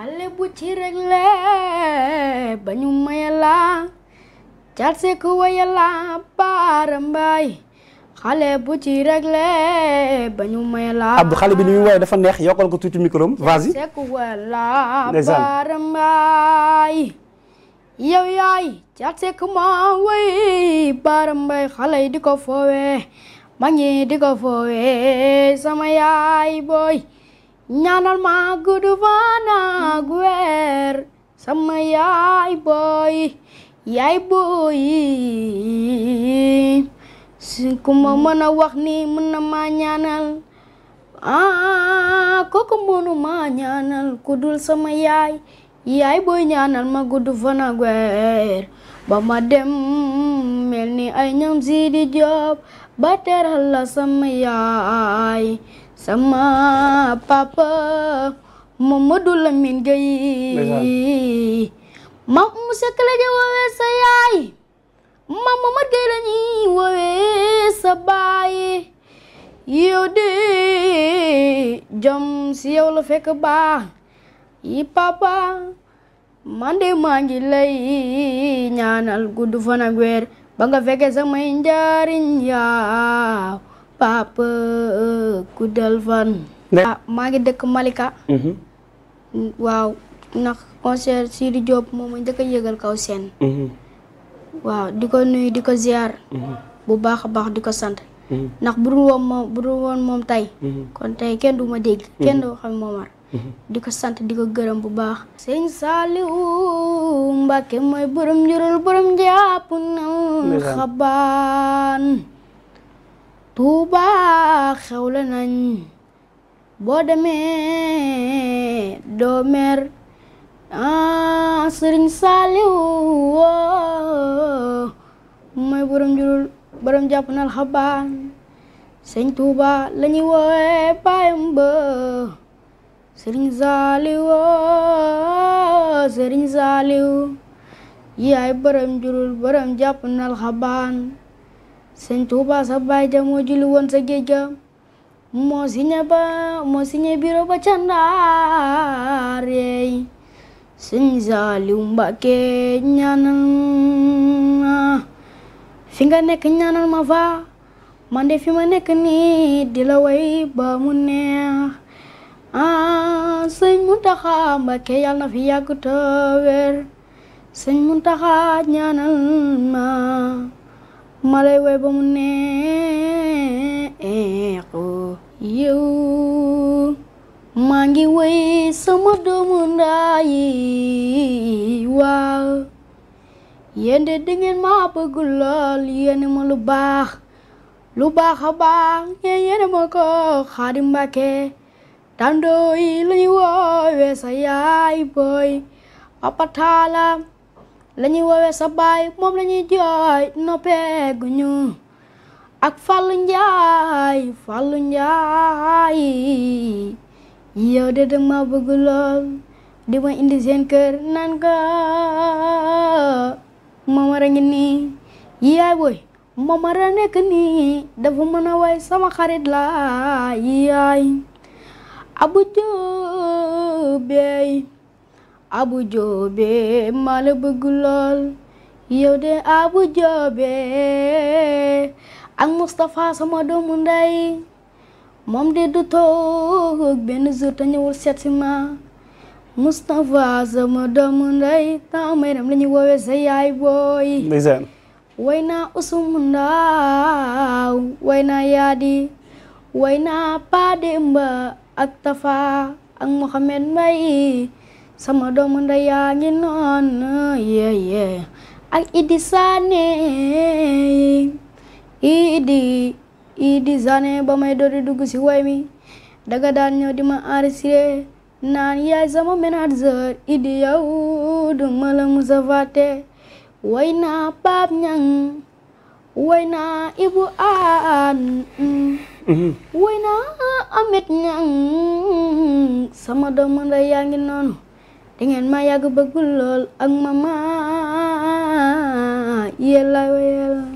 xale bu ci réglé ba ñu mayala car se ku wayala baara mbaay xale bu ci réglé ba ñu mayala la xale bi ni muy woy dafa neex yokkal ko tuuti micro am vas-y car se ku wayala baara yaay car se ma woy baara mbaay xale yi di ko foowe ma ngi di ko foowe sama yaay booy ñaanal ma gudd fan ak sama yaay booy yaay booy si ku ma mën a wax ni mën na ma ñaanal ah kooku mënu ma ñaanal ku sama yaay yaay booy ñaanal ma gudd fan ak ba ma dem mel ni ay ñam si di job ba teral la sama yaay sama papa min Lamine Gueye maam Moussa Kala ja woowee sa yaay maam Mamad Gueye la ñuy woowee sa baay yow jom si yow la fekk baax yi papa man de maa ngi lay ñaanal gudd fan ak weer ba nga fekkee samay njariñ yaaw Pape eh, guddal fan. Ah, maa ngi dëkk Malika. Mhm. waaw ndax concert Sidi Diop moom mooy njëkk a yëgal kaw seen. Mhm. waaw di ko nuyu di ko ziar. Mhm. bu baax baax di ko sant. ndax bu moom tay kon tey kenn du ma dégg. kenn du xam Momar. sant di ko gërëm bu baax. sëñ Saliou Mbacke mooy borom njurul borom jàpp na xabaan. Touba xewle nañ boo demee doo mer ah Sëriñ Saaliw woo mooy borom jurul borom jàpp na alxabaan Sëñ Touba la ñuy woowee baayam ba woo Sëriñ Saaliw yaay borom jurul borom jàpp na alxabaan sëñ Tuuba sa baay ja moo julli sa géej ga moo siñe ba moo siñe biro ba ca Ndar yeey sëñ Saaliw Mbàkke ñaanal ma fi nga nekk ñaanal ma fa man de fi ma nekk nii di la way ba mu neex ah sëñ Muntaxa Mbàkke yàlla na fi yàgg te wér sëñ Muntaxa ñaanal ma ma lay ba mu neex yow maa ngi woy sama doomu ndaay waaw yéen de dangeen maa bëgg lool yéen ma lu baax lu baax a baax ngeen yéen ma ko Xaadim Mbàkke tandoo yi lañu woowee sa yaay booy papa taala lañuy woowee sa baay moom lañuy jooy gu ñu ak Fallou Ndiaye Fallou Ndiaye yow de danga ma bëgg di ma indi seen kër naan ko mamara ngi nii yaay booy mamara nekk nii dafa mën a way sama xarit la yaay abu joobeey abu joobe maa la bëgg lool yow de abu joobe ak Moustapha sama doomu ndey moom de du toog benn jour te ñëwul seet si ma Moustapha sama doomu ndey temps may dem la ñuy woowee sa yaay booy ndeysaan way naa usum ndaw way naa yaadi way naa Pademba ak Tafa ak Mohamed May sama doomu ndey yaa ngi noonu yee yee Idi Sané Idi Idi Sané ba may doon di dugg si way mi daga daan ñëw di ma enregistré naan yaay sama manager Idi yow du ma la musa way naa Pape Niang way naa Ibou Anne mm-hmm. way naa Amet Niang sama doomu ndey yaa ngi noonu dangeen ma yàgg bëgg lool ak mama yella yella